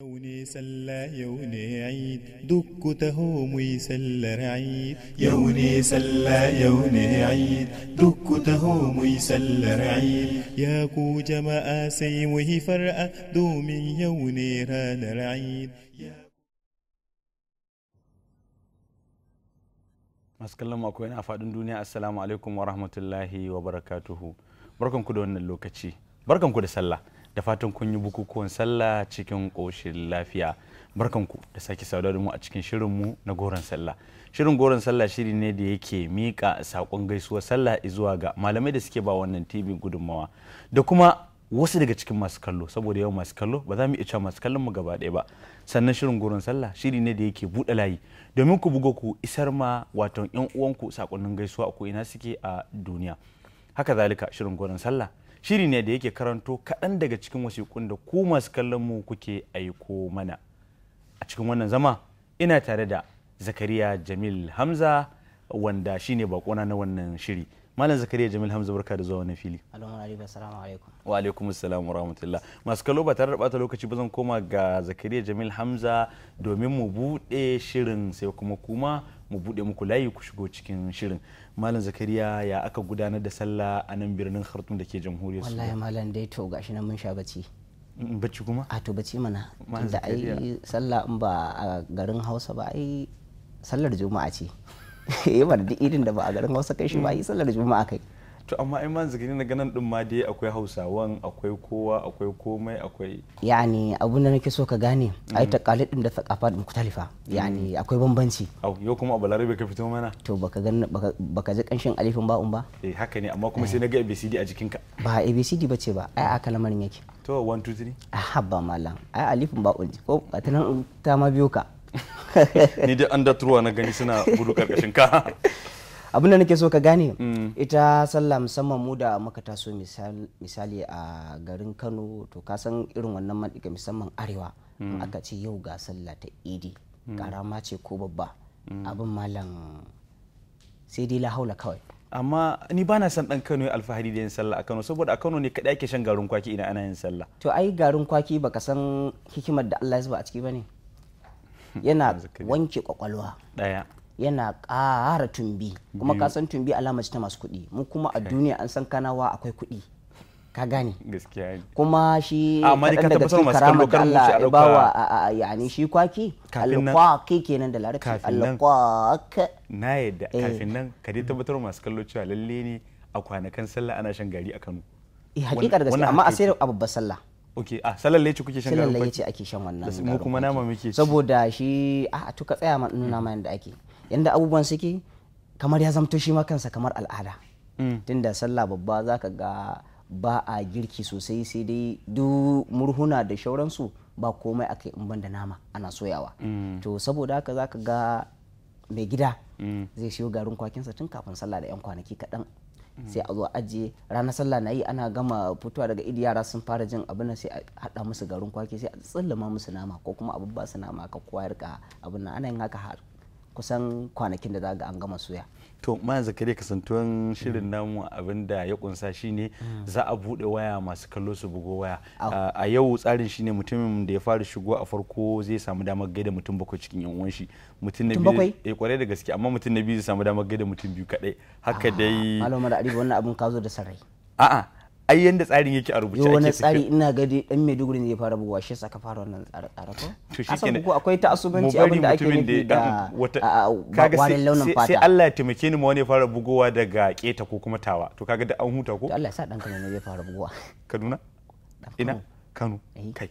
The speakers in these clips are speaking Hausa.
يوني سلا يوني عيد دكته ميسل رعيد يوني سلا يوني عيد دكته ميسل رعيد يا كو جما اسي وهي فرقه دومي يوني ران رعيد مسكلم اكو هنا فادن دنيا السلام عليكم ورحمه الله وبركاته بركم كو دون بركم كو سلا da fatan kun yi bukukuwan sallah cikin ƙoshin lafiya barkanku da sake saduwa mu a cikin shirin mu na goron sallah shirin goron sallah shiri ne da yake mika sakon gaisuwa sallah zuwa ga malamai da suke ba wannan tv gudunmawa da kuma wasu daga cikin masu kallo saboda yawan masu kallo ba za mu iya masu kallon mu gaba ɗaya ba sannan shirin goron sallah shiri ne da yake buɗe layi domin ku buga ku isar ma wato yan uwanku sakonnin gaisuwa a ko ina suke a duniya haka zalika shirin goron sallah shiri ne da yake karanto kaɗan daga cikin wasiƙun da ku masu kallon mu kuke aiko mana a cikin wannan zama ina tare da zakariya jamil hamza wanda shine bakona na wannan shiri malam zakariya jamil hamza barka da zuwa wani fili wa alaikum assalam wa rahmatullah masu kallo ba tare da bata lokaci ba zan koma ga zakariya jamil hamza domin mu bude shirin sai kuma kuma mu bude muku layi ku shigo cikin shirin malam zakariya ya aka gudanar da sallah a nan birnin khartoum da ke jamhuriyar sudan wallahi malam dai to gashi nan mun sha bacci mm, bacci kuma a to bacci mana da ai sallah in ba a garin hausa ba ai sallar juma'a ce eh wanda duk irin da ba a garin Hausa kai shi ba yi sallar juma'a kai to amma in ma zikiri na ganin din ma dai akwai hausawan akwai kowa akwai komai akwai yani abun da nake so ka gane ai mm. ta kalidin da thakafa din mukhtalifa yani mm. akwai bambanci au yau kuma a balarabe ka fito mana to baka gan baka ji kanshin alifin ba un ba eh haka ne amma kuma sai naga abcd a jikin ka ba abcd bace ba ai aka lamarin yake to 1 2 3 a habba malam ai alifin ba ko ta nan ta ma biyo ka ni dai an datruwa na gani suna gudu karkashin ka abinda nake so ka gane mm. ita sallah musamman mu da muka taso misali a garin kano to ka san irin wannan maɗiga musamman arewa mm. aka ce yau ga sallah ta idi mm. karama ce ko babba abin malam sai dai la haula kawai amma ni bana san dan Kano ya alfahari da yin sallah a Kano saboda a Kano ne kadai ake shan garin kwaki idan ana yin sallah to ai garin kwaki baka san hikimar da Allah ya zuba a ciki bane Hmm, yana wanke kwakwalwa yana ƙara tumbi kuma ka san tumbi alama ta masu kuɗi mu kuma a duniya an san kanawa akwai kuɗi ka gane kuma shi kaɗan daga cikin karama da Allah ya wa yani shi kwaki alkwaki kenan da larabci alkwak na yadda eh. kafin nan ka dai tabbatar masu kallo cewa lalle ne a kwanakan sallah ana shan gari a Kano eh, hakikar gaske amma a sai a babbar sallah ok a ah, salar leci kuke shan garin kwaki ake shan wannan mu kuma nama muke saboda shi a ah, to ka tsaya nuna ma yanda ake yanda abubuwan suke kamar ya zamto shi ma kansa kamar al'ada mm. tunda sallah babba zaka ga ba a girki sosai sai dai duk murhuna da shauransu ba komai akai in banda da nama ana soyawa mm. to saboda haka zaka ga mai gida mm. zai siyo garin kwakinsa tun kafin sallah da 'yan kwanaki kaɗan sai a zo ajiye ranar sallah na yi ana gama fitowa daga idi yara sun fara jin abin sai a haɗa musu garin kwaki sai a tsallama musu nama ko kuma abin ba su nama ka kwayar ka rika abin ana yin haka kusan kwanakin da za ga an gama soya. to ma zakari kasantuwan shirin mm. namu abin da ya kunsa shine mm. za a bude waya masu kallo su bugo waya a yau tsarin shine mutumin da ya fara shigo a farko zai samu damar gaida mutum bakwai cikin yan uwan shi mutum na biyu eh kwarai da gaske amma mutum na biyu zai samu damar gaida mutum biyu kadai haka ah, dai malama da ariba wannan abun ka zo da sarai a'a ai yanda tsarin yake a rubuce ake wani tsari ina ga dai dan Maiduguri ne ya fara bugawa shi saka fara wannan tsare tsare ko to shi kenan akwai ta'assubanci abin da ake nufi da kaga sai sai Allah ya taimake ni ma wani ya fara bugowa daga keta ko kuma tawa to kaga da an huta ko Allah ya sa dan kana ne ya fara bugowa Kaduna ina Kano eh. kai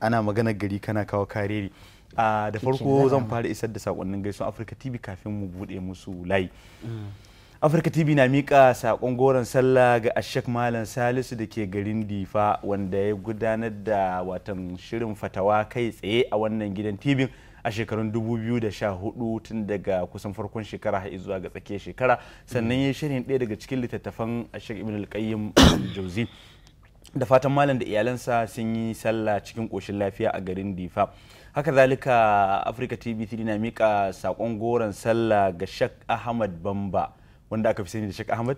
ana magana gari kana kawo kareri ah, da farko zan fara isar da sakonnin gaisuwa Africa TV kafin mu bude musu layi mm. afirka tv na mika sakon goron sallah ga ashek malam salisu da ke garin difa wanda ya gudanar da watan shirin fatawa kai tsaye a wannan gidan tv a shekarun 2014 tun daga kusan farkon shekara har zuwa ga tsakiyar shekara sannan ya shirin ɗaya daga cikin littattafan ashek ibn al jauzi da fatan malam da iyalansa sun yi sallah cikin koshin lafiya a garin difa haka zalika afirka tv 3 na mika sakon goron sallah ga shek ahmad bamba wanda aka fi sani da Sheikh Ahmad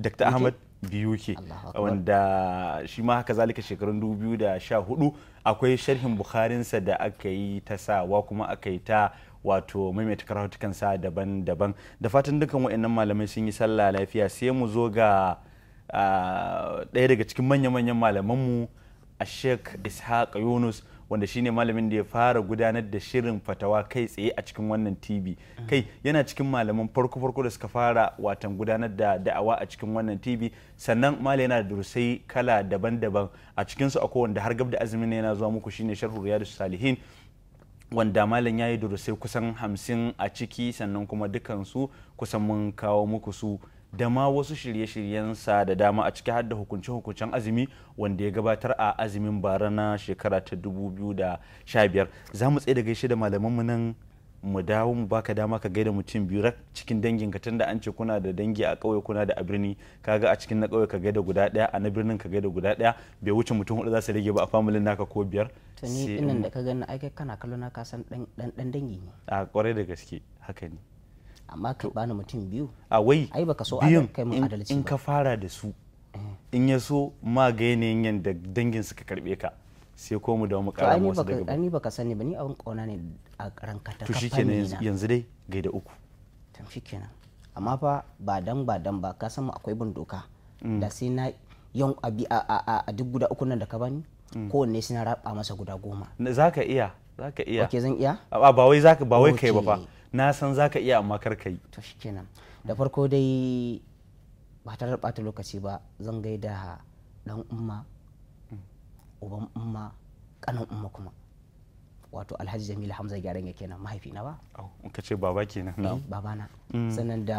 Dr. Ahmad BUK wanda shi ma haka zalika shekarun 2014 akwai sharhin Bukharinsa da aka yi ta sawa kuma aka yi ta wato maimaita karatukan sa daban-daban da fatan dukan waɗannan malamai sun yi sallah lafiya sai mu zo ga ah, ɗaya daga cikin manya-manyan malamanmu a Sheikh Ishaq Yunus wanda shine malamin da ya fara gudanar da shirin fatawa kai tsaye a cikin wannan tv kai yana cikin malaman farko farko da suka fara watan gudanar da da'awa a cikin wannan tv sannan malam yana da durusai kala daban-daban a cikinsu akwai wanda har gabda da azumin yana zuwa muku shine sharhu riyadus salihin wanda malam ya yi durusai kusan hamsin a ciki sannan kuma dukansu kusan mun kawo muku su da ma wasu shirye-shiryensa da dama a ciki har da hukunce-hukuncen azumi wanda ya gabatar a azumin bara na shekara ta 2015 za mu tsaye da gaishe da mu nan mu dawo mu baka dama ka gaida mutum biyu rak cikin dangin ka tunda an ce kuna da dangi a ƙauye kuna da a birni kaga a cikin na ƙauye ka gaida guda ɗaya a na birnin ka gaida guda ɗaya bai wuce mutum hudu za su rage ba a familin naka ko biyar tuni inan da ka gani ai kana kallo na ka san dan dangi ne a kwarai da gaske haka ne amma ka bani mutum biyu a wai ai baka so kai mun adalci in ka fara da su eh. in ya so ma ga yanayin yadda dangin suka karbe ka sai ko mu da mu kara wasu daga ba. Ni baka sani ba ni abin kauna ne a ranka ta kafa ne na. yanzu dai da uku. Tam shikenan. Amma fa ba dan ba dan ba ka san akwai bin doka. Mm. Da sai na yan abi a a duk guda uku nan da ka bani. Mm. Kowanne sai na raba masa guda goma. Za ka iya. zaka iya. Ok zan iya. Ba wai ka ba wai kai ba fa. na san za ka iya amma kar ka yi to shikenan da farko dai ba tare da lokaci ba zan gaida dan umma uban umma kanan umma kuma wato alhaji jamilu hamza gyaran ya kenan mahaifi na ba ka ce baba kenan na eh, baba na mm. sannan da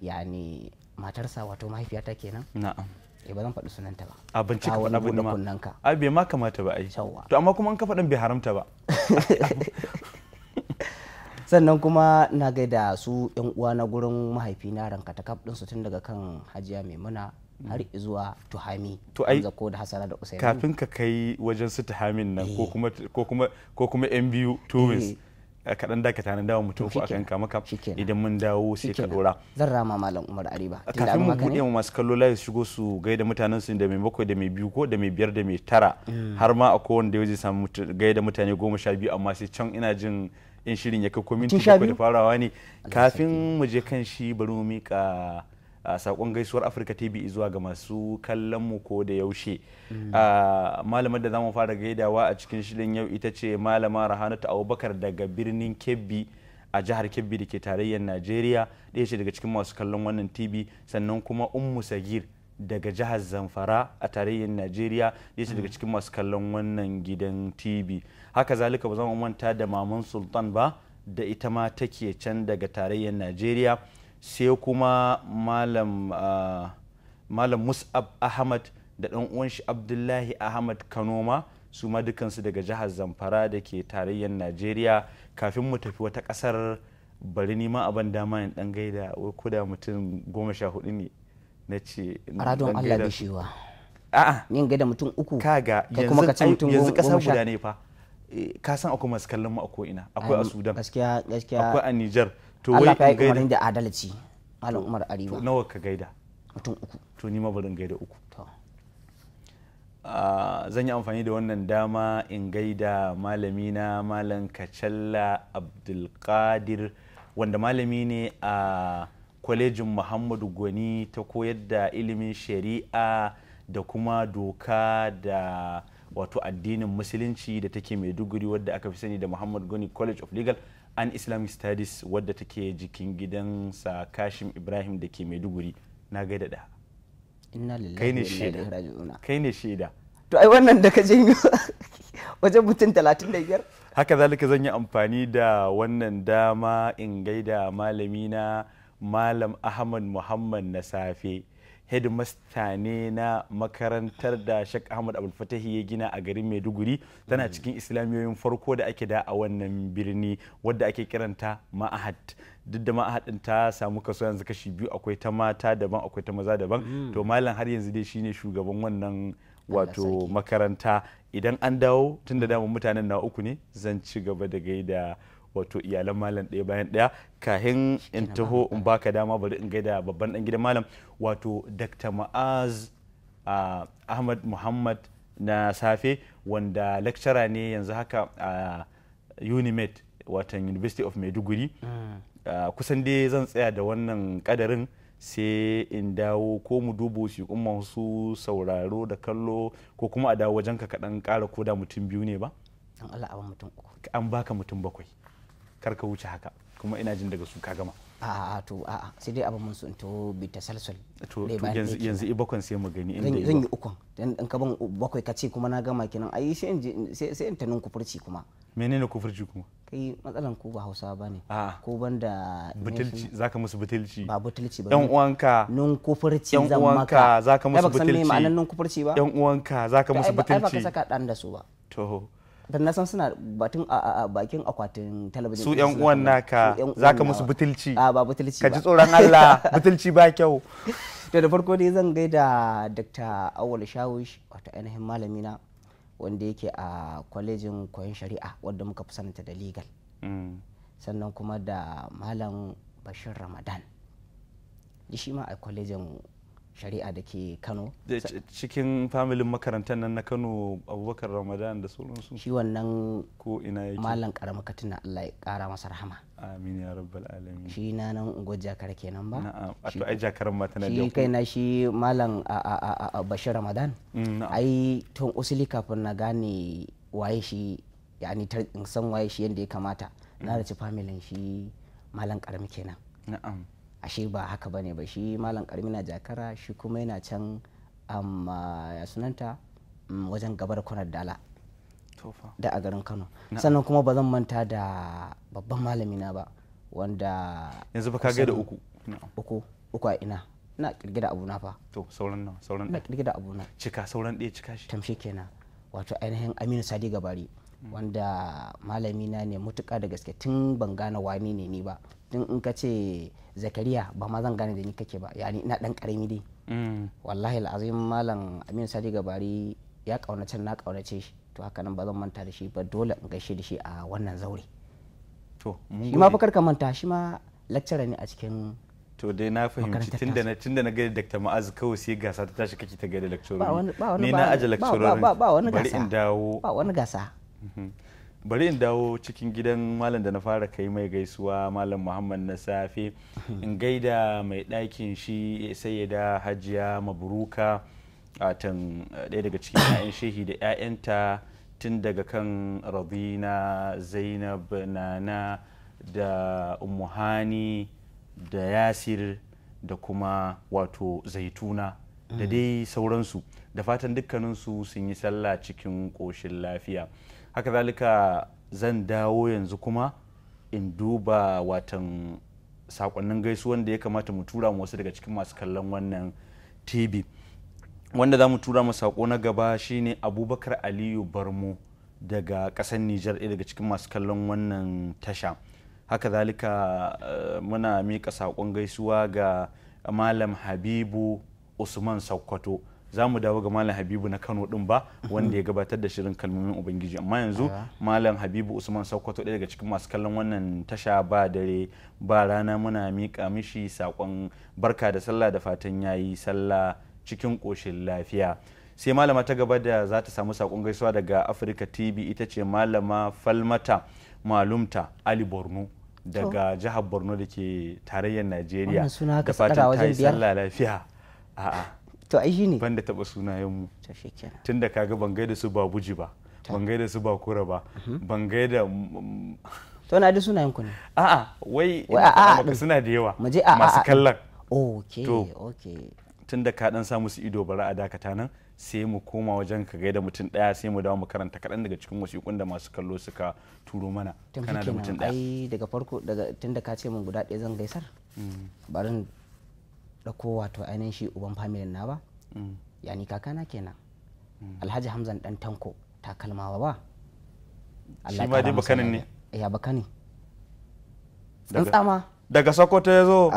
yani matarsa wato mahaifiyata kenan na'am eh ba zan faɗi sunanta ba a bincika faɗa abin da ma ai bai ma kamata ba ai to amma kuma an ka faɗin bai haramta ba sannan kuma na gaida su yan uwa na gurin mahaifina ranka ta kaf su tun daga kan hajiya maimuna har zuwa tuhami to ai da hasara da usaini kafin ka kai wajen su tuhamin nan ko eh. kuma ko kuma ko kuma yan biyu tumis eh. kaɗan dakata na dawo mutum ko akan kama maka idan mun dawo sai ka dora zan rama malam umar ariba kafin mu buɗe mu masu kallo layi shigo su gaida mutanen su da mai bakwai da mai biyu ko da mai biyar da mai tara mm. har ma akwai wanda ya samu gaida mutane goma sha biyu amma sai can ina jin in shirin ya kai kominti bakwai da farawa ne kafin mu je kan shi bari mu mika a ah, sakon gaisuwar afirka tv zuwa ga masu kallon mu ko da yaushe mm. ah, malamar da za mu fara gaidawa a cikin shirin yau ita ce malama rahanatu abubakar daga birnin kebbi a jihar kebbi da ke tarayyar najeriya ɗaya ce daga cikin masu kallon wannan tv sannan kuma ummu sagir daga jihar zamfara a tarayyar najeriya ya ce daga cikin masu kallon wannan gidan tv haka zalika ba zama manta da maman sultan ba da ita ma take can daga tarayyar najeriya sai kuma malam ah, mus'ab ahmad da ɗan uwan shi abdullahi ahmad kanoma su ma dukansu daga jihar zamfara da ke tarayyar najeriya kafin mu tafi wata ƙasar bari nima abin dama in ɗan gaida ko da mutum goma sha hudu ne na ce radon Allah da shewa a'a yin gaida mutum uku kaga yanzu yanzu kasa guda ne fa eh, ka san akwai masu kallon mu a ko ina akwai a Sudan gaskiya gaskiya akwai a Niger to wai in gaida da adalci Malam Umar Arewa nawa ka gaida mutum uku to ni ma barin gaida uku to ah, zan yi amfani da wannan dama in gaida malamina malam Kacalla Abdulkadir wanda malami ne a kwalejin muhammadu gwani ta koyar da ilimin shari'a da kuma doka da wato addinin musulunci da take maiduguri wadda aka fi sani da muhammad goni college of legal and islamic studies wadda take jikin gidansa kashim ibrahim da ke maiduguri na gaida da kai ne shaida kai ne shaida to ai wannan da ka janyo wajen mutum 35 haka zalika zan yi amfani da wannan dama in gaida malamina malam ahmad muhammad na safe hedimasta ne na makarantar da shek ahmad fatahi ya gina a garin maiduguri tana mm. cikin islamiyoyin farko da ake da a wannan birni wadda ake kiranta ma'ahad duk da ɗin ta samu kaso yanzu kashi biyu akwai ta mata daban akwai ta maza daban mm. to malam har yanzu dai shine shugaban wannan wato makaranta idan an dawo tun da mm. damun mutanen na uku ne zan ci gaba da gaida wato iyalan malam ɗaya bayan ɗaya kahin in taho in baka dama bari in gaida babban ɗan gidan malam wato dr ma'az ahmad muhammad na safe wanda lecturer ne yanzu haka a unimed watan university of maiduguri hmm. kusan dai zan tsaya da wannan kadarin sai in dawo ko mu dubo shi kuma su sauraro da kallo ko kuma a dawo wajenka kaɗan ƙara koda mutum biyu ne ba an baka mutum bakwai kar ka wuce haka kuma ina jin daga su ka gama a'a to a'a sai dai abin mun sun to bi ta salsal to yanzu yanzu bakon sai mu gani inda zan yi ukun dan in ka ban bakwai ka ce kuma na gama kenan ai sai in sai in tanin kufurci kuma menene kufurci kuma kai matsalan ku ba Hausa bane ko banda butulci zaka musu butulci ba butulci ba yan uwanka nun kufurci zan maka yan uwanka zaka musu butulci ba san me ma'anar nun kufurci ba yan uwanka zaka musu butulci ba ka saka dan da su ba to dan na san suna batun a bakin akwatin talabijin su yan uwan naka zaka musu butulci a ba butulci ka ji tsoron Allah butulci ba kyau to da farko dai zan gaida Dr. awol Shawish wato ainihin malami na wanda yake a kwalejin koyon shari'a wadda muka fi sanata da legal mm. sannan kuma da malam Bashir Ramadan shi ma a kwalejin shari'a da ke kano cikin familin makarantar nan na kano abubakar ramadan da sauransu shi wannan ko ina yake malam karama katina allah ya kara masa rahama amin ya rabbal alamin shi na nan unguwar jakar kenan ba na'am to ai jakar ma tana da shi kaina shi malam bashir ramadan mm, ai tun usuli kafin na gane waye shi yani san waye shi yadda ya kamata na da mm. ci familin shi malam karami kenan na'am ashe ba haka ba ne ba shi malam karmi na jakara shi kuma yana can ya sunanta mm, wajen gabar kunar dala da a garin kano sannan kuma ba zan manta da babban malami na ba wanda yanzu ba ka da uku uku uku a ina na kirgida abuna fa to sauran nan sauran na kirgida abuna cika sauran ɗaya cika shi tamshe kenan wato ainihin aminu sadi gabari mm. wanda malami na ne mutuka da gaske tun ban gane wani ne ni ba tun in ka ce zakariya ba ma zan gane da ni kake ba yani ina dan karami dai mm. wallahi al'azim malam amin sadi gabari ya kaunace na kaunace shi to haka nan ba zan manta da shi ba dole in gaishe da shi a wannan zaure to shi ma fakar ka manta shi ma lecturer ne a cikin to dai na fahimci tunda na tunda na gari Dr. Mu'az kawai sai gasa ta tashi kake ta gari lecturer ba wani ba wani ba wani gasa ba wani gasa bari in dawo cikin gidan malam da na fara kai mai gaisuwa malam muhammad na safe in gaida mai ɗakin shi eh, sai ya da hajiya maburuka a tan eh, ɗaya daga cikin 'ya'yan shehi da 'ya'yanta tun daga kan rabina zainab nana da umuhani da yasir da kuma wato zaituna da mm. dai sauransu da fatan dukkaninsu sun yi sallah cikin ƙoshin lafiya haka zalika zan dawo yanzu kuma in duba watan sakonnin gaisuwan da ya kamata mu tura wasu daga cikin masu kallon wannan tv wanda za mu tura mu sako na gaba shine abubakar aliyu barmo daga kasar nijar ɗaya daga cikin masu kallon wannan tasha haka zalika eh, muna mika saƙon gaisuwa ga malam habibu usman sakwato. za mu dawo ga malam habibu na kano din ba wanda ya gabatar da shirin kalmomin ubangiji amma yanzu malam habibu usman sokoto daga cikin masu kallon wannan tasha ba dare ba rana muna miƙa mishi saƙon barka da sallah da fatan yayi sallah cikin ƙoshin lafiya sai malama ta gaba da za ta samu saƙon gaisuwa daga afirka tv ita ce malama falmata malumta ali borno daga jihar borno da ke tarayyar najeriya da fatan ta yi sallah lafiya a'a to ai shine ban da taba sunayen mu to shikenan tunda kaga ban gaida su ba buji ba ban gaida su ba kura ba mhm. ban gaida to na da sunayen ku ne a'a wai a'a suna da yawa masu kallon okay okay tunda ka dan sa musu ido bara a dakata nan sai mu koma wajen ka gaida mutum daya sai mu dawo mu karanta kaɗan daga cikin wasiƙun da masu kallo suka turo mana kana da mutum daya daga farko daga tunda ka ce mun guda ɗaya zan gaisar mm. barin ɗauko wato ainihin shi uban familin na ba mm. Ya kaka kakana kenan mm. alhaji hamzan dan tanko takalmawa ba shi ma dai bakanin ne ya bakani tsama daga sokoto ya zo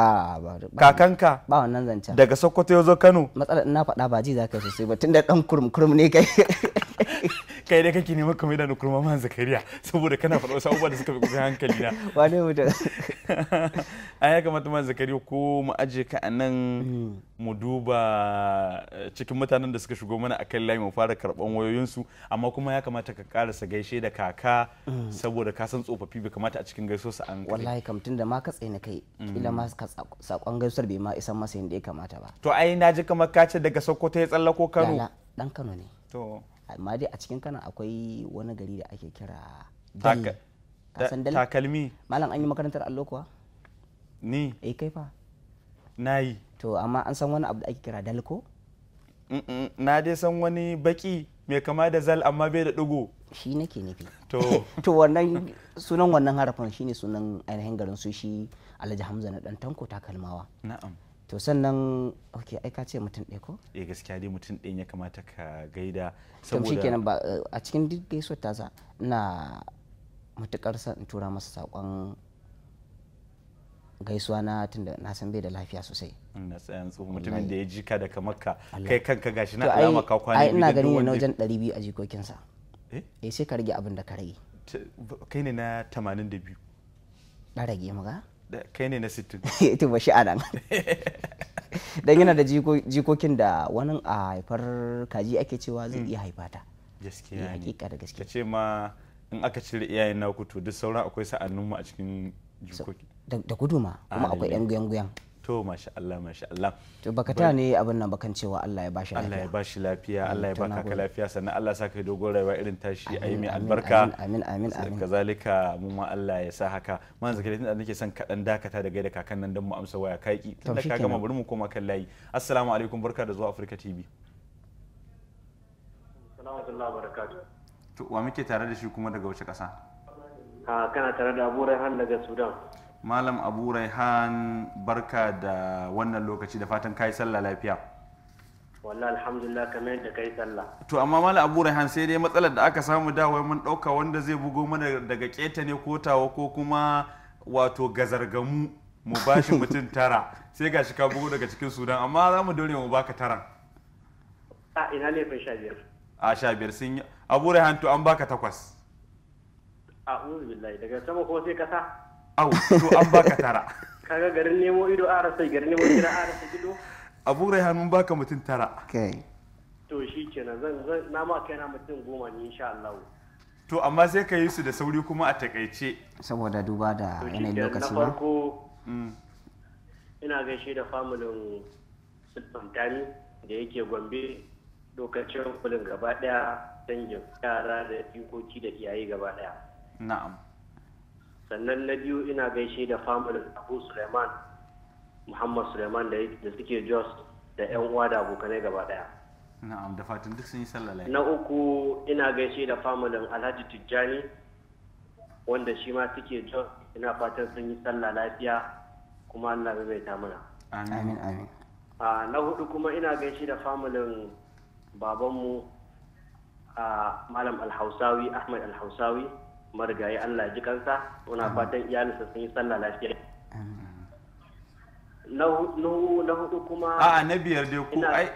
kakanka ba wannan zance daga sokoto ya zo kano Matsala na faɗa ba ji za ka sosai ba tunda dan kurum kurum ne kai kai dai kake neman kamar da kurma man zakariya saboda kana faɗa wasu abubuwa da suka fi hankali na wane mutum a ya kamata ma zakari ko mu aje ka a nan mu duba eh, cikin mutanen da suka shigo mana akan layi mu fara karban wayoyinsu amma kuma ya kamata ka karasa gaishe da kaka saboda ka san tsofaffi bai kamata a cikin gaiso su an wallahi kamtin da ma ka tsaye kai kila ma sakon gaisuwar bai ma isan masa yadda ya kamata ba to ai na ji kamar ka ce daga sokoto ya tsallako kano dan kano ne to amma dai a cikin kano akwai wani gari da ake kira takalmi malam an yi makarantar allo kuwa ni eh kai fa na yi to amma an san wani abu da ake kira dalko na dai san wani baki mai kama da zal amma bai da dugo shi nake nufi to to wannan sunan wannan harafin shine sunan ainihin garin su shi Alhaji Hamza na dan tanko takalmawa na'am to sannan ok ai ka ce mutum ɗaya ko eh gaskiya dai mutum ɗaya ya kamata ka gaida saboda to shikenan ba eh, a cikin duk gaisuwar ta za na matukar sa in tura masa saƙon gaisuwa na tunda na san bai da lafiya sosai na tsayan tsohon mutumin da ya ji ka da kamar kai kanka gashi na alama ka kwana biyu ina gani ne na wajen 200 a jikokinsa eh? eh sai ka rage abin da ka rage kai ne na 82 da rage ga. kai ne na 60 eh, to ba shi anan dan yana da jikokin da wani a haifar kaji ake cewa zai hmm. iya haifata gaskiya eh, ne hakika da gaskiya ce ma in aka cire iyayen naku to duk sauran akwai sa'annun mu a cikin jikoki da guduma kuma akwai yan guyan guyan to masha Allah masha Allah to baka ta ne abin nan bakan cewa Allah ya shi lafiya Allah ya shi lafiya Allah ya baka ka lafiya sannan Allah saka yi dogon rayuwa irin tashi ayi mai albarka amin amin amin kazalika mu ma Allah ya sa haka man zakari tunda nake son kadan dakata da gaida kakan nan dan mu amsa waya kaki tunda ka gama bari mu koma kan layi assalamu alaikum barka da zuwa Africa TV assalamu alaikum barakatuh to wa muke tare da shi kuma daga wace ƙasa ha kana tare da abu raihan daga sudan malam abu raihan barka da wannan lokaci da fatan kai sallah lafiya wallah alhamdulillah kamar da kai sallah to amma malam abu raihan sai dai matsalar da aka samu da wai mun dauka wanda zai bugo mana daga keta ne ko tawa ko kuma wato gazargamu mu bashi mutum tara sai gashi ka bugo daga cikin sudan amma za mu dole mu baka taran a ina ne sha biyar a sha biyar sun yi abu rehan an baka takwas a'udhu billahi daga sama ko sai kasa au to an baka tara kaga garin nemo ido a rasa garin nemo ido a rasa ido abu rehan mun baka mutum tara to shi kenan zan zan na ma kaina mutum goma ne insha Allah to amma sai ka yi su da sauri kuma a takaice saboda duba da yanayin lokaci na farko mm. ina gaishe da familin sultan da yake gombe dokacin kulin gaba daya dangin yara da jikoki da iyaye gaba daya na'am sannan na biyu ina gaishe da famulin abu suleiman muhammad suleiman da suke jos da yan uwa da abokanai gaba daya na'am da fatan duk sun yi sallalai na uku ina gaishe da familin alhaji tijjani wanda shi ma suke jos ina fatan sun yi sallah lafiya kuma allah bai ta mana amin amin ah, na hudu kuma ina gaishe da familin babanmu a malam alhausawi ahmad alhausawi marigayi allah ji kansa muna fatan iyalinsa sun yi sallah lafiya na hudu kuma a na biyar dai ko ai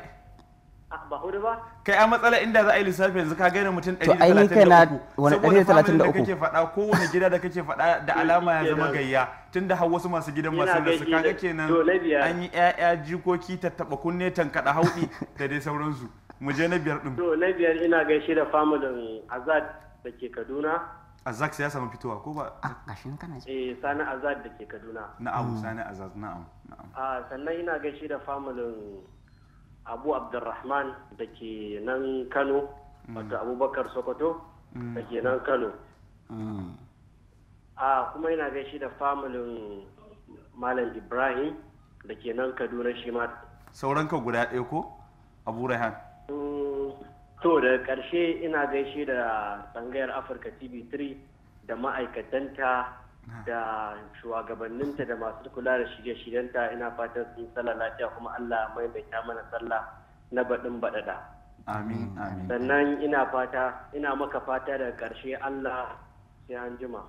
ba hudu ba kai a matsala inda za a yi lissafi yanzu ka gani mutum 133 saboda da kake faɗa kowane gida da kake faɗa da alama ya zama gayya da har wasu masu gidan masu lissafi ka kaga kenan an yi 'ya'ya jikoki tattaɓa kunne tankaɗa hauɗi da dai sauransu mu je na biyar din to na biyar ina gaishe da familin azad da ke kaduna Azad sai ya samu fitowa ko ba a ah, gashin kana eh sani azad da ke kaduna na'am hmm. sani azad na'am na'am ah, sannan ina gaishe da familin abu abdurrahman da ke nan kano hmm. wato abubakar sokoto hmm. da ke nan kano a ah, kuma ina gaishe da familin malam ibrahim da ke nan kaduna shi ma sauranka guda ɗaya ko abu raihan to da karshe ina gaishe da tsangayar afirka tv3 da ma'aikatanta da shugabanninta da masu kula da shirye-shiryenta ina fatan sun sallah lafiya kuma allah mai mai mana sallah na baɗin baɗaɗa amin amin sannan ina fata ina maka fata da karshe allah sai an jima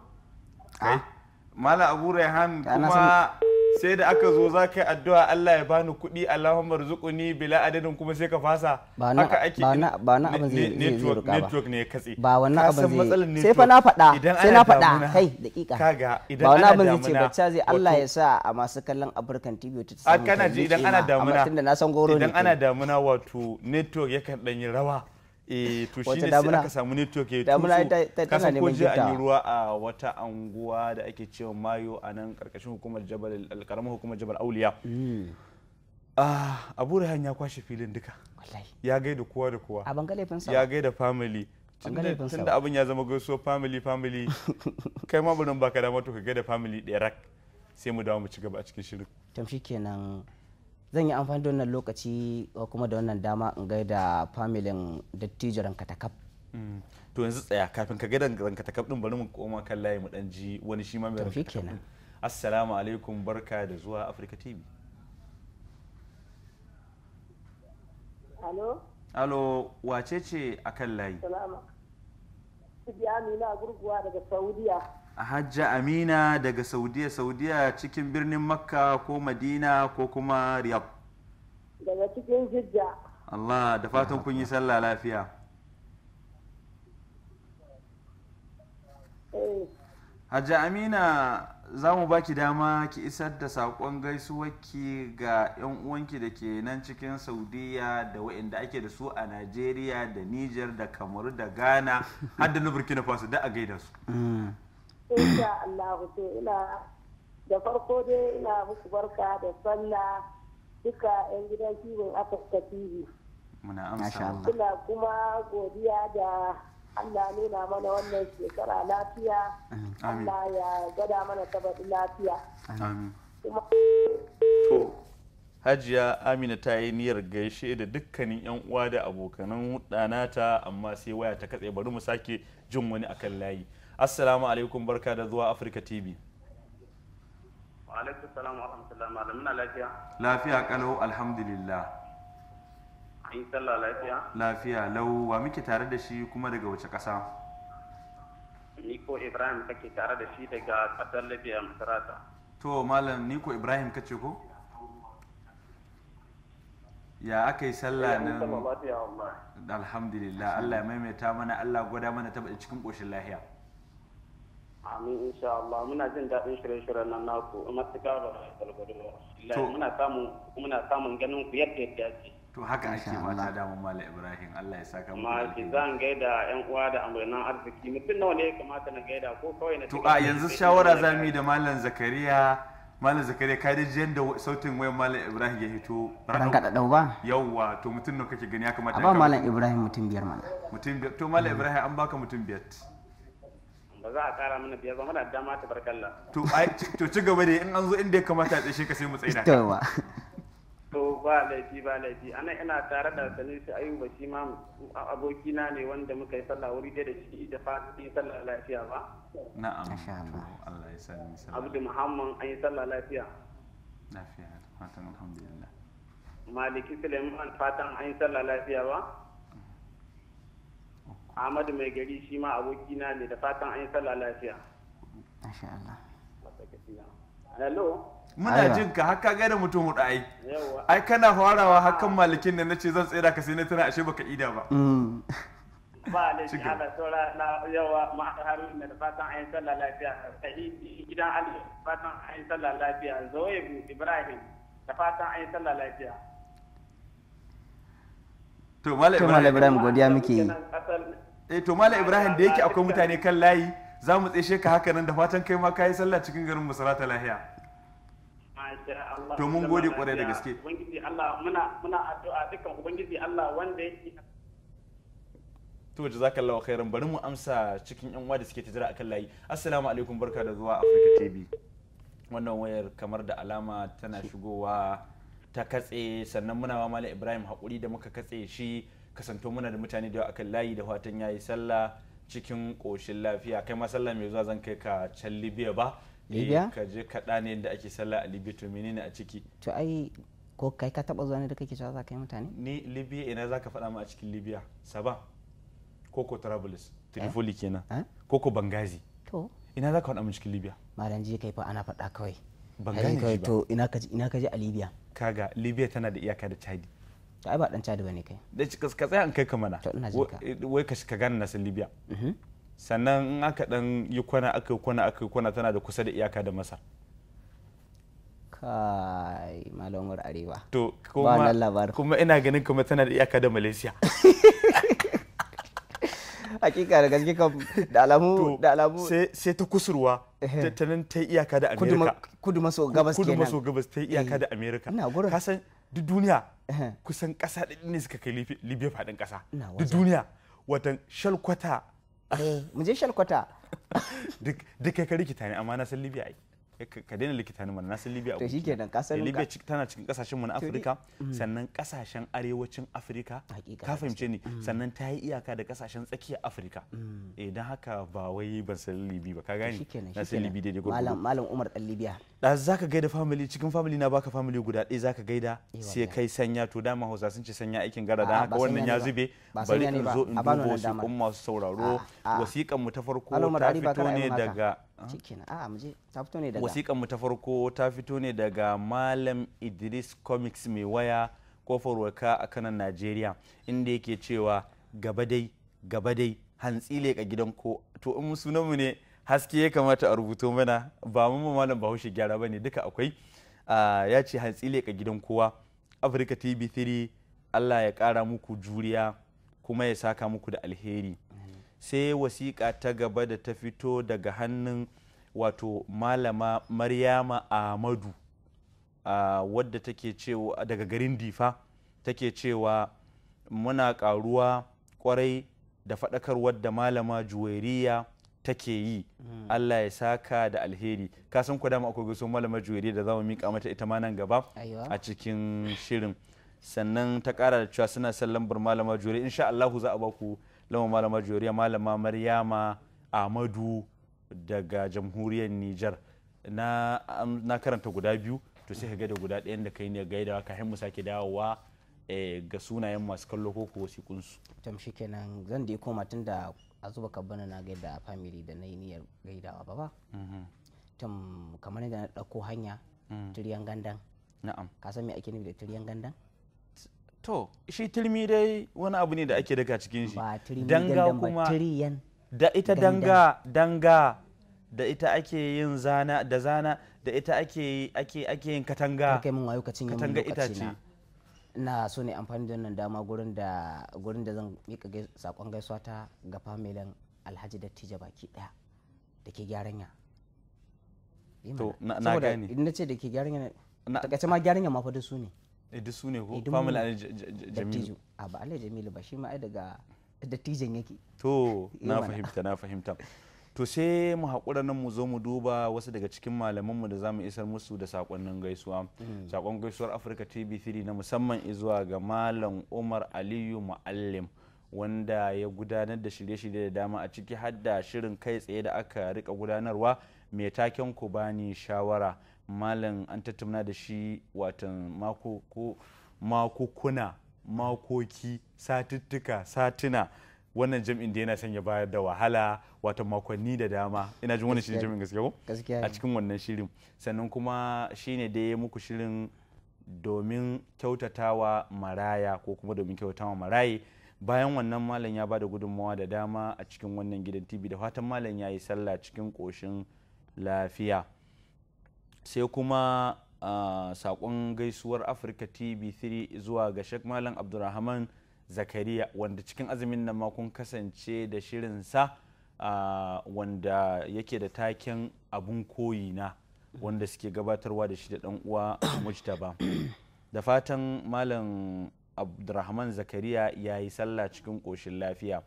mala abu raihan kuma sai da aka zo za ka yi addu'a Allah ya bani kuɗi Allahumma rzuquni bila adadin kuma sai ka fasa haka ake ba na ba na abin zai zai network ne katse ba wannan abin zai sai fa na faɗa sai na faɗa kai dakika kaga idan ba wannan abin zai ce bacca zai Allah ya sa a masu kallon African TV ta samu kana ji idan ana damuna idan ana damuna wato network yakan dan yi rawa e to shi ne sai aka samu network ya tuso kasan ko je an ruwa a wata anguwa da ake cewa mayo a nan karkashin hukumar jabal alkaramar hukumar jabal auliya hmm. ah, abu rahan ya kwashe filin duka ya gaida kowa da kowa ya gaida family tunda abin ya zama gaisuwa family family kai ma burin baka da to ka gaida family ɗaya sai mu dawo mu ci gaba a cikin shirin tamshi kenan zan yi amfani da wannan lokaci uh, kuma da wannan dama in gaida familin dattijo ranka takaf mm. to yanzu tsaya kafin ka gaida ranka takaf din bari mu koma kan layi mu dan ji wani shi ma mai ranka assalamu alaikum barka da zuwa africa tv alo alo wace ce akan layi salama Amina gurguwa daga saudiya A hajja amina daga saudiya saudiya cikin birnin makka ko madina ko kuma Riyab. daga cikin hijja allah da fatan kun yi sallah lafiya eh. hajja amina za mu baki dama ki isar da saƙon gaisuwarki ga 'yan uwanki da ke nan cikin saudiya da waɗanda ake da su a najeriya da niger da kamaru da ghana har da na burkina faso da a gaida su mm. insha Allah to ina da farko dai ina muku barka da sallah duka yan gidan kiwon Afirka TV muna amsa Allah ina kuma godiya da Allah nuna mana wannan shekara lafiya Allah ya gada mana tabbatin lafiya amin hajiya amina ta yi niyyar gaishe da dukkanin yan uwa da abokanan hudanata amma sai waya ta katse bari mu sake jin wani akan layi assalamu alaikum barka da zuwa afirka tv alaikum salam wa rahmatullahi lafiya lafiya kalau alhamdulillah an sallah lafiya lafiya lau wa muke tare da shi kuma daga wace ƙasa niko ibrahim kake tare da shi daga ƙasar libya masarata to malam niko ibrahim kace ko ya aka yi sallah nan alhamdulillah allah ya maimaita mana allah gwada mana taba cikin ƙoshin lahiya amin insha Allah muna jin daɗin shirye-shiryen nan naku matuƙa ba da muna samun muna samun ganin ku yadda ya dace to haka ake mata damu mala ibrahim Allah ya saka mu alheri zan gaida yan uwa da amurnan arziki mutum nawa ne ya kamata na gaida ko kawai na to a yanzu shawara zamu yi da malam zakariya malam zakariya ka ji yadda sautin wayan malam ibrahim ya hito ran ka dadau ba yawwa to mutum nawa kake gani ya kamata ba malam ibrahim mutum biyar mana mutum biyar to malam mm. ibrahim an baka mutum biyar ba za a kara mana biyar ba muna dama ta barkalla to ai to ci gaba da in an zo inda ya kamata a tsaye ka sai mu tsaida ka to ba laifi ba laifi ana ina tare da Salisu ayuba shi ma abokina ne wanda muka yi sallah wuri da shi da fatan yi sallah lafiya ba na'am Allah ya sani abdu muhammad an yi sallah lafiya lafiya fatan alhamdulillah maliki suleiman fatan an yi sallah lafiya ba Ahmadu mai gari shi ma abokina ne da fatan an yi sallah lafiya. Masha Allah. Hello. Muna jin ka haka gaida mutum hudu ai. Ai kana farawa hakan malikin da nace zan tsira ka sai na tana ashe baka ida ba. Mm. Ba da shi ala saura na yawa ma haruna da fatan an yi sallah lafiya. Sahihi gidan Ali fatan an yi sallah lafiya. Zoyebu Ibrahim da fatan an yi sallah lafiya. To Malam Ibrahim godiya muke yi. eh to mala ibrahim da yake akwai mutane kan layi za mu tsaye ka haka nan da fatan kai ma kayi sallah cikin garin mu salata lahiya to mun gode kwarai da gaske ubangiji Allah muna muna addu'a dukkan ubangiji Allah wanda yake to jazakallahu khairan bari mu amsa cikin yan uwa da suke tijira akan layi assalamu alaikum barka da zuwa Africa TV wannan wayar kamar da alama tana shigowa ta katse sannan muna wa malam ibrahim haƙuri da muka katse shi kasanto muna da mutane da yawa akan layi da fatan yi sallah cikin koshin lafiya kai ma sallah mai zuwa zan kai ka can libya ba libya eh, ka je kaɗa ne da ake sallah a libya to menene a ciki to ai ko kai ka taba zuwa ne da kake cewa za ka yi mutane ni libya ina za ka faɗa ma a cikin libya saba koko travelers tripoli eh? kenan eh? koko bangazi to ina za ka faɗa mu cikin libya malam ji kai fa ana faɗa kawai bangazi to ina ka ina ka je a libya kaga libya tana da iyaka da chadi to ai ba dan chadi bane kai da ka tsaya an kai ka mana eh, wai ka ka gane nasin libya mhm. sannan in aka dan yi kwana aka yi kwana aka yi kwana tana da kusa da iyaka da masar kai malamar arewa to kuma kuma ina ganin kuma tana da iyaka da malaysia hakika da gaske kam da alamu da alamu sai ta kusurwa eh. ta nan ta iyaka da america kudu maso gabas kenan kudu maso gabas ta iyaka da eh, america kasan duk duniya Eh. kusan kasa ɗin ne suka kai libya faɗin ƙasa Da duniya watan shalkwata eh, mu je shalkwata duk kai ka rikita ne amma na san libya ai Eh, ka daina likitanin mana nasan libya a shi kenan ka san eh, libya tana cikin kasashen mu na afirka mm. sannan kasashen arewacin afirka ka fahimce ni mm. sannan ta yi iyaka da kasashen tsakiyar afirka idan mm. eh, haka ba wai ban san libya ba ka gani na san libya daidai gwagwaro malam malam umar dan libya da zaka gaida family cikin family na baka family guda ɗaya zaka gaida sai kai sanya to dama hausa sun ce sanya aikin gara dan haka wannan ya zube bari in zo in dubo su kuma masu sauraro wasiƙan mu ta farko ta fito ne daga Ah. shikenan a mu ta fito ne daga wasiƙan mu ta farko ta fito ne daga malam Idris Comics mai waya kofar waka a kanan Najeriya inda yake cewa gaba dai gaba dai hantsi leƙa gidan ko to in sunan mu ne haske ya kamata a rubuto mana ba mu malam Bahaushe gyara bane duka akwai ah, ya ce hantsi leƙa gidan kowa Afirka TV3 Allah ya ƙara muku juriya kuma ya saka muku da alheri sai wasiƙa ta gaba da ta fito daga hannun wato malama maryama ahmadu wadda take cewa daga garin difa take cewa muna karuwa kwarai da faɗakar wadda malama juwairiya take yi hmm. Allah ya saka da alheri kasan ku dama akwai gaso malama juwairiya da zamu mika mata ita ma nan gaba a cikin shirin sannan ta kara da cewa suna son lambar malama juwairiya insha Allah za a ba ku lawan malamar juriya malama maryama amadu daga jamhuriyar niger na, karanta guda biyu to sai ka da guda ɗayan da kai ne gaida ka mu sake dawowa eh, ga sunayen masu kallo ko ko wasikunsu. tamshi kenan zan da ya koma tun da a zuba kabbana na gaida a family da na yi niyyar gaidawa ba ba mhm. tam kamar yadda na ɗauko hanya mm. turiyan gandan na'am ka san me ake nufi da turiyan gandan to shi tilmi dai wani abu ne da ake daga cikin shi danga kuma da ita danga danga da ita ake yin zana da zana da ita ake ake ake yin katanga katanga ita ce na so ne amfani da wannan dama gurin da gurin da zan mika sakon gaisuwa ta ga familin Alhaji Dattijo baki daya da ke gyaran ya to na gane in nace da ke gyaran ya takaice ma gyaran ya ma fa da su ne Eh, duk su ne ko eh, family alhaji jamilu a ah, ba alhaji jamilu ba shi ma ai daga dattijan yake to na fahimta na fahimta to sai mu haƙura nan mu zo mu duba wasu daga cikin malaman mu da za mu isar musu da sakonnin gaisuwa hmm. sakon gaisuwar afirka tv 3 na musamman izuwa ga malam umar aliyu muallim wanda ya gudanar da shirye-shirye da dama a ciki har da shirin kai tsaye da aka rika gudanarwa mai taken ku bani shawara malam an tattauna da shi watan mako ko makokuna makoki satuttuka satuna wannan jam'in da yana sanya bayar da wahala wata makonni da dama ina jin wannan shirin jam'in gaskiya ko a cikin wannan shirin sannan kuma shine da ya muku shirin domin kyautatawa maraya ko kuma domin kyautatawa maraye bayan wannan malam ya bada gudunmawa da dama a cikin wannan gidan tv da fatan malam ya yi sallah cikin koshin lafiya sai kuma sakon gaisuwar afirka tv 3 zuwa ga shek malam abdulrahman zakariya wanda cikin azumin nan ma kun kasance da shirinsa wanda yake da taken abun koyi na wanda suke gabatarwa da shi da ɗan uwa mujtaba da fatan malam abdulrahman zakariya ya yi sallah cikin ƙoshin lafiya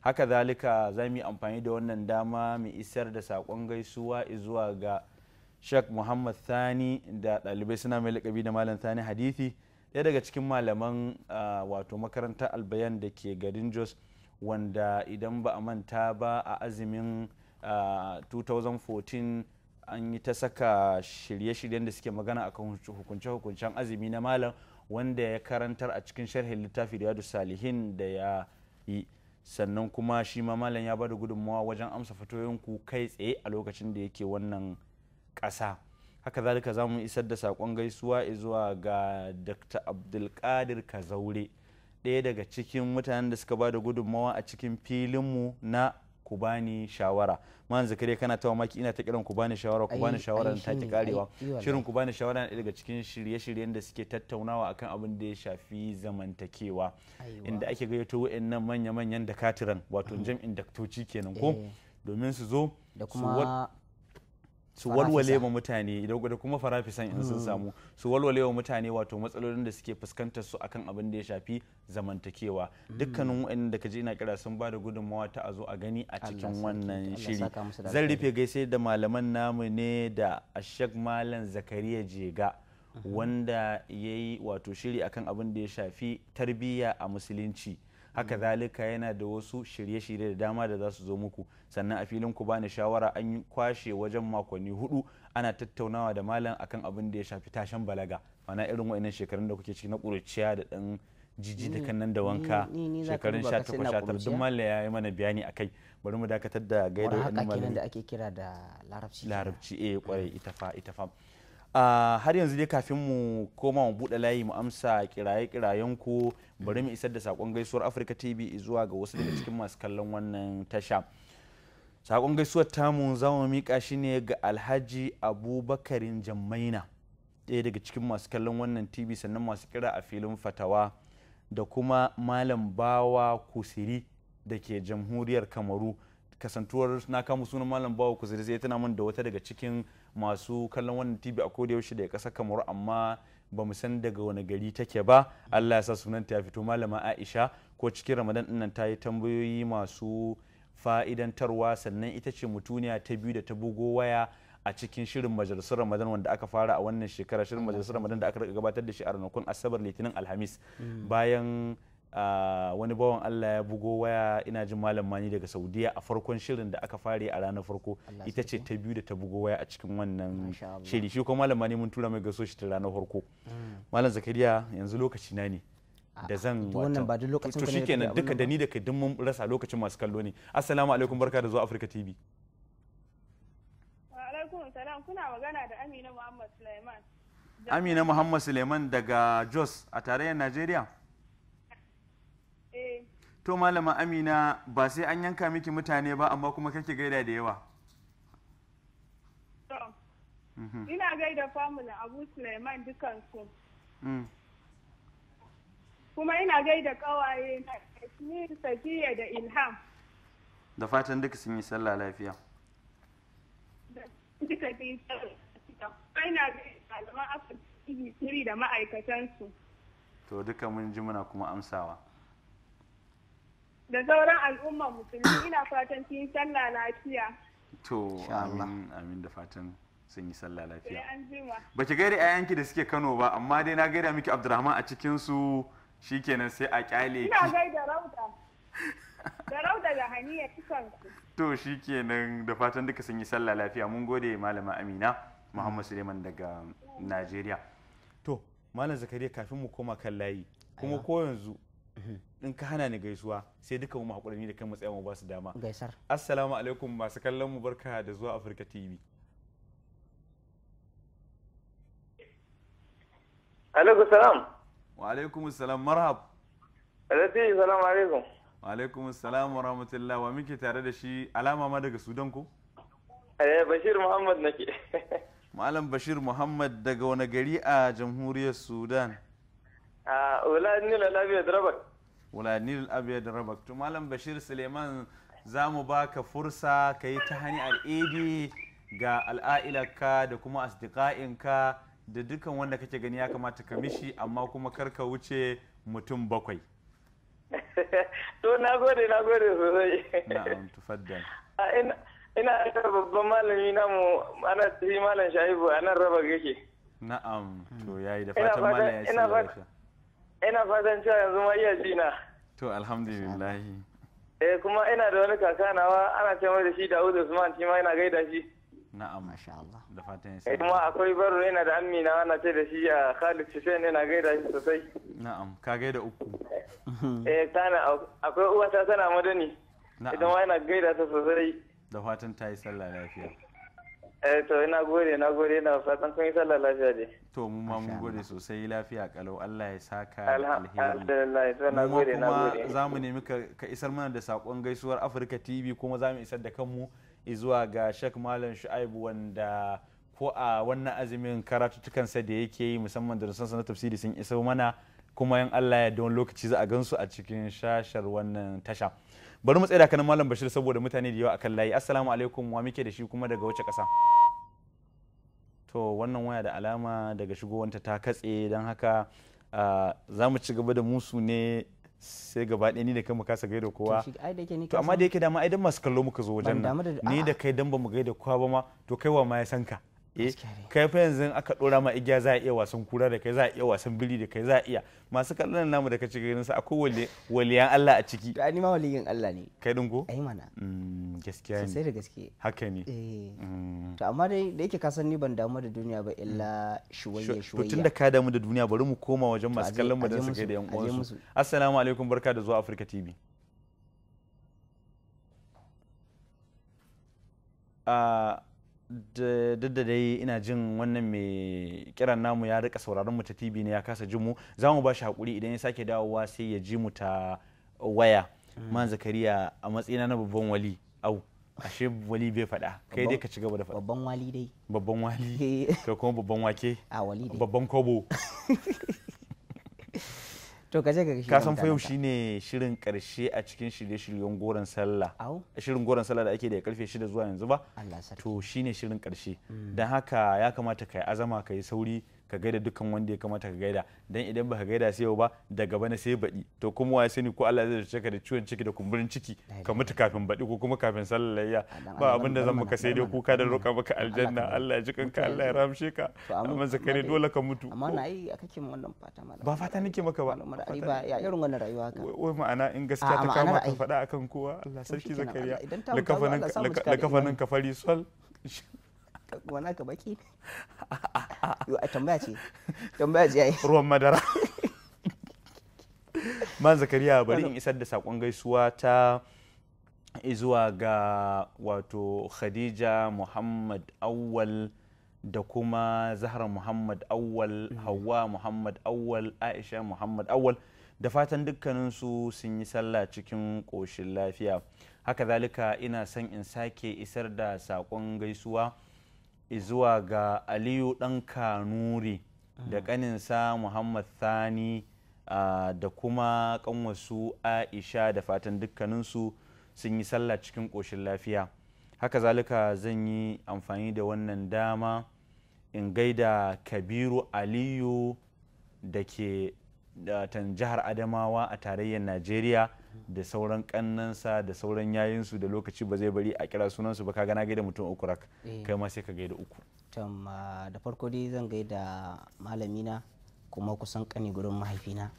haka zalika za mu yi amfani da wannan dama mu isar da sakon gaisuwa zuwa ga Sheikh Muhammad sani da dalibai suna mai lakabi da Malam sani Hadithi ɗaya daga cikin malaman wato makarantar albayan da ke garin Jos wanda idan ba a manta ba a azumin 2014 an yi ta saka shirye-shiryen da suke magana akan hukunce-hukuncen azumi na malam wanda ya karantar a cikin sharhin littafi riyadu salihin da ya yi sannan kuma shi ma malam ya bada gudunmawa wajen amsa ku kai tsaye a lokacin da yake wannan ƙasa haka zalika za mu isar da saƙon gaisuwa zuwa ga dr abdulkadir kazaure ɗaya daga cikin mutanen da suka ba da gudunmawa a cikin filinmu na kubani shawara man zakari kana ta mamaki ina ta kiran ku bani shawara ku bani shawara ta ki karewa shirin kubani shawara na daga cikin shirye-shiryen da suke tattaunawa akan abin da ya shafi zamantakewa inda ake gayyato wayannan manya-manyan da katiran wato jam'in daktoci kenan ko eh. domin su zo da kuma su walwale wa mutane da kuma farafisan in sun hmm. samu su walwale wa mutane wato matsalolin da suke fuskantar su akan abin da ya shafi zamantakewa hmm. dukkanin wa'annan da kaji ina kira sun ba da gudunmawa ta a zo a gani a cikin wannan shiri zan rufe gaisai da malaman namu ne da ashek malam zakariya jega hmm. wanda ya yi wato shiri akan abin da ya shafi tarbiyya a musulunci haka mm. zalika yana da wasu shirye-shirye da dama da za su zo muku sannan a filin ku bani shawara an kwashe wajen makonni hudu ana tattaunawa da malam akan abin da ya shafi tashan balaga mana irin wa'annan shekarun da kuke ciki na ƙuruciya da ɗan jiji da kannan da wanka shekarun tara duk malam ya yi mana bayani a kai bari mu dakatar da gaida wani malamin da ake kira da larabci larabci eh kwarai ita fa ita fa har yanzu dai kafin mu koma mu buɗe layi mu amsa kiraye-kirayen ku bari mu isar da sakon gaisuwar Africa TV zuwa ga wasu daga cikin masu kallon wannan tasha. Sakon gaisuwar tamu za mu mika shi ne ga Alhaji Abubakarin Jammaina ɗaya daga cikin masu kallon wannan TV sannan masu kira a filin fatawa da kuma Malam Bawa Kusiri da ke jamhuriyar Kamaru kasantuwar na kama sunan Malam Bawa Kusiri sai tana min da wata daga cikin masu kallon wannan tv a koda yaushe da ƙasar kamaru amma ba mu san daga wani gari take ba allah ya sa sunan ta fito malama aisha ko cikin ramadan ɗinnan ta yi tambayoyi masu fa'idantarwa sannan ita ce mutuniya ta biyu da ta bugo waya a cikin shirin majalisar ramadan wanda aka fara a wannan shekara shirin majalisar ramadan da aka gabatar da shi a ranakun asabar litinin alhamis hmm. bayan wani bawan Allah ya bugo waya ina jin malam mani daga saudiya a farkon shirin da aka fare a ranar farko ita ce ta biyu da ta bugo waya a cikin wannan shiri shi kuma malam mani mun tura mai gaso shi ta ranar farko mm. malam zakariya yanzu lokaci na ne da zan wannan ba duk lokacin to shikenan duka da ni da kai mun rasa lokacin masu kallo ne assalamu alaikum barka da zuwa Africa TV wa alaikum salam kuna magana da Amina Muhammad Suleiman Amina Muhammad Suleiman daga Jos a tarayyar Najeriya to malama amina ba sai an yanka miki mutane ba amma kuma kake gaida da yawa ina gaida famula abu suleiman dukansu mm. kuma ina gaida kawaye na safiya da ilham da fatan duka sun yi sallah lafiya da ma'aikatansu to duka mun ji muna kuma amsawa da sauran al'umma musulmi ina fatan kin sallah lafiya to amin amin da fatan sun yi sallah lafiya ba ki gaida yayanki da suke Kano ba amma dai na gaida miki abdurrahman a cikin su shikenan sai a kyale ki ina gaida Rauda da Rauda da Haniya cikin ku to shikenan da fatan duka sun yi sallah lafiya mun gode malama Amina Muhammad Suleiman daga Najeriya to malam Zakariya kafin mu koma kan layi kuma ko yanzu in ka hana ni gaisuwa sai duka mu hakuri da kan mu tsaya mu ba su dama gaisar assalamu alaikum masu kallon mu barka da zuwa Afirka TV alaikum salam wa alaikum salam marhab alaikum salam alaikum wa alaikum salam wa rahmatullah wa muke tare da shi alama ma daga Sudan ko eh Bashir Muhammad nake Malam Bashir Muhammad daga wani gari a jamhuriyar Sudan Ah, wula nil al da rabak wala nil al rabak tu malam bashir suleiman za mu ba ka fursa ka yi ta hanyar idi ga al'a'ilarka da kuma asdiƙa'inka da dukkan wanda kake gani ya kamata ka mishi amma kuma kar ka wuce mutum bakwai to na gode na gode sosai na'am tufaddal ah, ina da babban malami na mu ana tafi malam shaibu a nan raba yake na'am to yayi da fatan malam ya ina fatan cewa yanzu ma iya jina. to alhamdulillah eh kuma ina da wani kaka nawa ana ce mai da shi Dawud Usman shi ma ina gaida shi na'am masha Allah da fatan ya eh, sai kuma akwai Barro ina da ammi na ana ce da shi a ah, Khalid Hussein ina gaida shi sosai na'am ka gaida uku eh kana akwai uwa ta tana madani Na'am. Ita ma ina gaida ta sosai da fatan ta yi sallah lafiya Eh to ina gode na gode na fatan kun yi sallah lafiya dai. To mu ma mun gode sosai lafiya kalau Allah ya saka alheri. Alhamdulillah to na gode na gode. Kuma za mu nemi ka isar mana da sakon gaisuwar Africa TV kuma za mu isar da kanmu zuwa ga Sheikh Malam Shu'aibu wanda ko a wannan azumin sa da yake yi musamman da rusansa na tafsiri sun iso mana kuma yan Allah ya don lokaci za a gansu a cikin shashar wannan tasha. bari mu tsaya kanin malam bashir saboda mutane da yawa akan layi assalamu alaikum wa muke da shi kuma daga wace ƙasa to wannan waya da alama daga shigowanta ta katse don haka za mu ci gaba da musu ne sai gaba ɗaya ni da kai mu kasa gaida kowa to amma da yake dama ai dan masu kallo muka zo wajen nan ni da ah. kai dan ba mu gaida kowa ba ma to kai wa ma ya san ka eh kai fa yanzu aka dora ma igiya za a iya wasan kura da kai za a iya wasan biri da kai za a iya masu kallon namu da ka ci ganin sa akwai waliyan Allah a ciki to ni ma waliyan Allah ne kai dinko. ai mana mm, gaskiya ne sai da gaske haka ne eh. mm. to amma dai da yake ka san ni ban damu da duniya ba illa shuwaye shuwaye to tunda ka damu da duniya bari mu koma wajen masu kallon mu da su kai da yan uwansu assalamu alaikum barka da zuwa Africa TV Uh, ah, duk da dai ina jin wannan mai kiran namu ya rika sauraron mu ta tv ne ya kasa jin mu za mu ba shi hakuri idan ya sake dawowa sai ya ji mu ta waya mm. man zakariya a matsayina na babban wali au ashe wali bai faɗa kai dai ka ci gaba da faɗa babban wali dai babban wali kai kuma babban wake a wali dai babban kobo to ka je ka ka san yau shine shirin karshe a cikin shirye-shiryen goron sallah shirin goron sallah da ake da karfe 6 zuwa yanzu ba to shine shirin karshe mm. dan haka ya kamata kai azama kai sauri ka gaida dukkan wanda ya kamata ka gaida dan idan baka gaida sai ba da gaba na sai baɗi to kuma wa sani ko Allah zai dace ka da ciwon ciki da kumburin ciki ka mutu kafin baɗi ko kuma kafin sallar layya ba abin da zan maka sai dai kuka da roƙa maka aljanna Allah ya ji kanka Allah ya ramshe ka amma zakare dole ka mutu amma na yi kake min wannan fata malam ba fata nake maka ba ba ya irin wannan rayuwa ka wai ma'ana in gaskiya ta kama ka faɗa akan kowa Allah sarki zakariya da lakafanin ka fari sol Wana ka baki ne a tambaya ce tambaya ce yayi ruwan madara man zakariya bari in isar da sakon gaisuwa ta zuwa ga wato khadija muhammad awwal da kuma zahra muhammad awwal mm. hawa muhammad awwal aisha muhammad awwal da fatan dukkaninsu sun yi sallah cikin ƙoshin lafiya haka zalika ina son in sake isar da sakon gaisuwa izuwa ga aliyu ɗan kanuri da ah. ƙaninsa muhammad thani ah, da kuma wasu aisha da fatan dukkaninsu sun yi sallah cikin ƙoshin lafiya haka zalika zan yi amfani da wannan dama in gaida kabiru aliyu da ke jihar adamawa a tarayyar najeriya da sauran kannansa da sauran yayinsu da lokaci ba zai bari a kira sunansu ba ka gana gaida mutum uku rak eh. kai ma sai ka gaida uku ah, da farko dai zan gaida malamina kuma kusan kani gurin mahaifina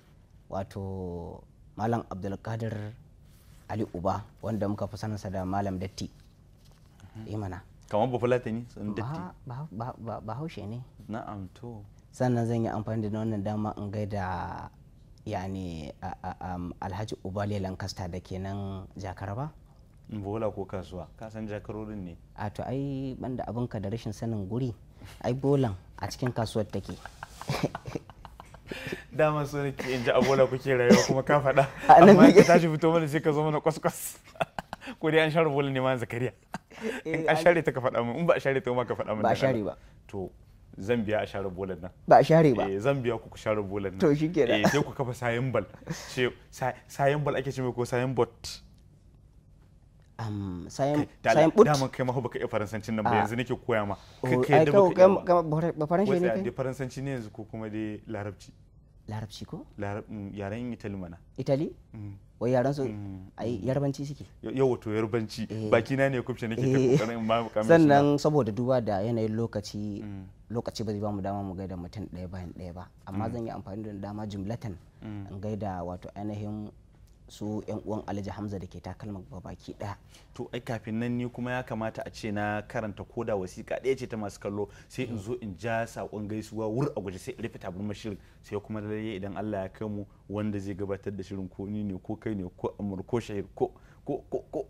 wato malam abdulkadir ali uba wanda muka fi da malam datti imana mhm. eh, kamar ta ne sun datti ba haushe ne na'am to sannan zan yi amfani da wannan dama in gaida yani alhaji ubale lancaster da ke nan jakaraba? bola ko kasuwa kasan jakarorin ne a to ai banda abinka da rashin sanin guri ai bolan a cikin kasuwar take dama so ne in ji abola kuke rayuwa kuma ka faɗa amma ka tashi fito mana sai ka zo mana kwaskwas ko dai an share bolan ne ma zakariya in eh, an share ta ka faɗa mun in ba a share ta ma ka faɗa mun ba a share ba to zan biya a share bolan nan ba a share ba eh, zan biya ku ku share bolan nan to shikenan eh sai ku kafa sayan bal ce sayan bal ake ce mai ko sayan bot um, sayan but dama kai ma ka iya faransancin nan ba ah. yanzu nake koya ma kai oh, da iya ba faransanci ne kai da faransanci ne yanzu ko kuma da larabci larabci ko mm, yaren italy mana italy mm. wai yaran su mm. ai yarbanci suke yau wato yarbanci eh. baki na ne kubce nake eh. kokarin ma sannan saboda duba da yanayin lokaci lokaci ba zai ba mu dama mu gaida mutum ɗaya bayan ɗaya ba amma mm. zan yi amfani da dama jimlatan mm. in gaida wato ainihin su yan uwan alhaji hamza da ke takalma ba baki ɗaya to ai kafin nan ni kuma ya kamata a ce na karanta koda wasiƙa ɗaya ce ta masu kallo sai in mm. zo in ja saƙon gaisuwa wur a guje sai in rufe tabar mashirin sai kuma lalle idan Allah ya kai mu wanda zai gabatar da shirin ko ni ne ko kai ne ko amur ko shahir ko ko ko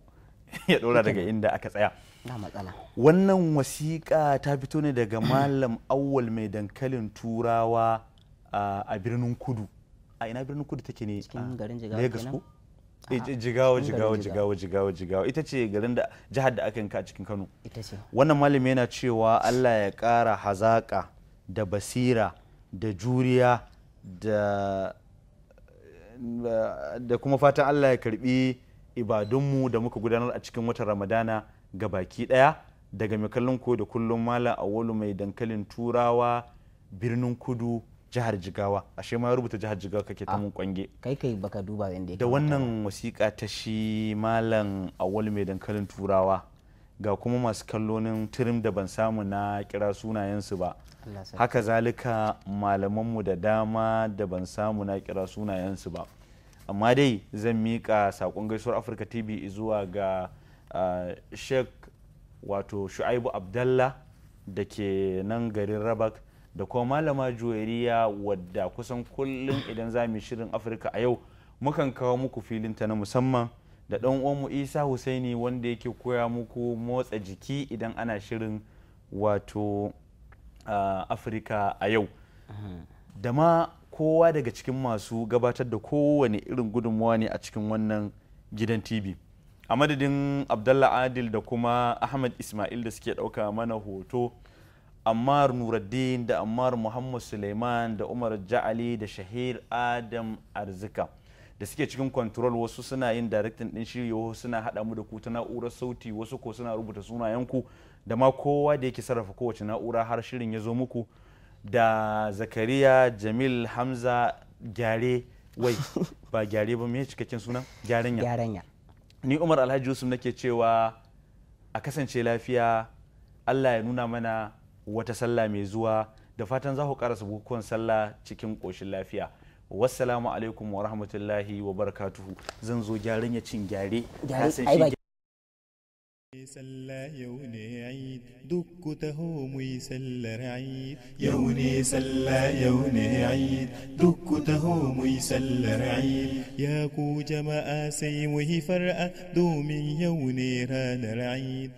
ya dora daga inda aka tsaya na matsala. wannan wasiƙa ta fito ne daga malam awwal mai dankalin turawa a birnin kudu a ina birnin kudu take ne cikin garin jigawa eh, jigawa jigawa jigawa jigawa jigawa ita ce garin da jihar da aka yanka a cikin kano wannan malami yana cewa allah ya ƙara hazaƙa da basira da juriya da da kuma fatan allah ya karbi ibadunmu da muka gudanar a cikin watan ramadana ga baki ɗaya daga mai kallon ko da kullum malam awolu mai dankalin turawa birnin kudu jihar jigawa ashe ma rubuta jihar jigawa kake ta ah, mun kwange kai kai baka duba inda da wannan wasiƙa ta shi malam awolu mai dankalin turawa ga kuma masu kallonin tirim da ban samu na kira sunayensu ba haka zalika malamanmu da dama da ban samu na kira sunayensu ba amma dai zan miƙa saƙon gaisuwar afirka tv zuwa ga sheikh wato shu'aibu abdallah da ke nan garin rabak da kuma malama juwariya wadda kusan kullum idan za mu shirin afirka a yau mukan kawo muku filin ta na musamman da ɗan uwanmu isa husaini wanda yake koya muku motsa jiki idan ana shirin wato afirka a yau da ma kowa daga cikin masu gabatar da kowane irin gudunmawa ne a cikin wannan gidan tv a madadin abdalla adil da kuma ahmad ismail da suke ɗauka mana hoto ammar nuruddin da ammar muhammad suleiman da umar ja'ali da shahir adam arzika da suke cikin kontrol wasu suna yin directing din shirya wasu suna haɗa mu da ku ta na'urar sauti wasu ko suna rubuta sunayenku da ma kowa da yake sarrafa kowace na'ura har shirin ya zo muku da zakariya jamil hamza gyare wai ba gyare ba mai cikakken sunan gyaranya gyaranya ni umar alhaji yusuf nake cewa a kasance lafiya allah ya nuna mana wata sallah mai zuwa da fatan za ku karasa bukukuwan sallah cikin koshin lafiya wassalamu alaikum wa rahmatullahi wa barakatuhu zan zo gyaran ya cin gyare سلا يوني عيد دك تهوم ويسلر يوني سلا يوني عيد دك تهوم ويسلر عيد يا كو فرأة دومي يوني ران العيد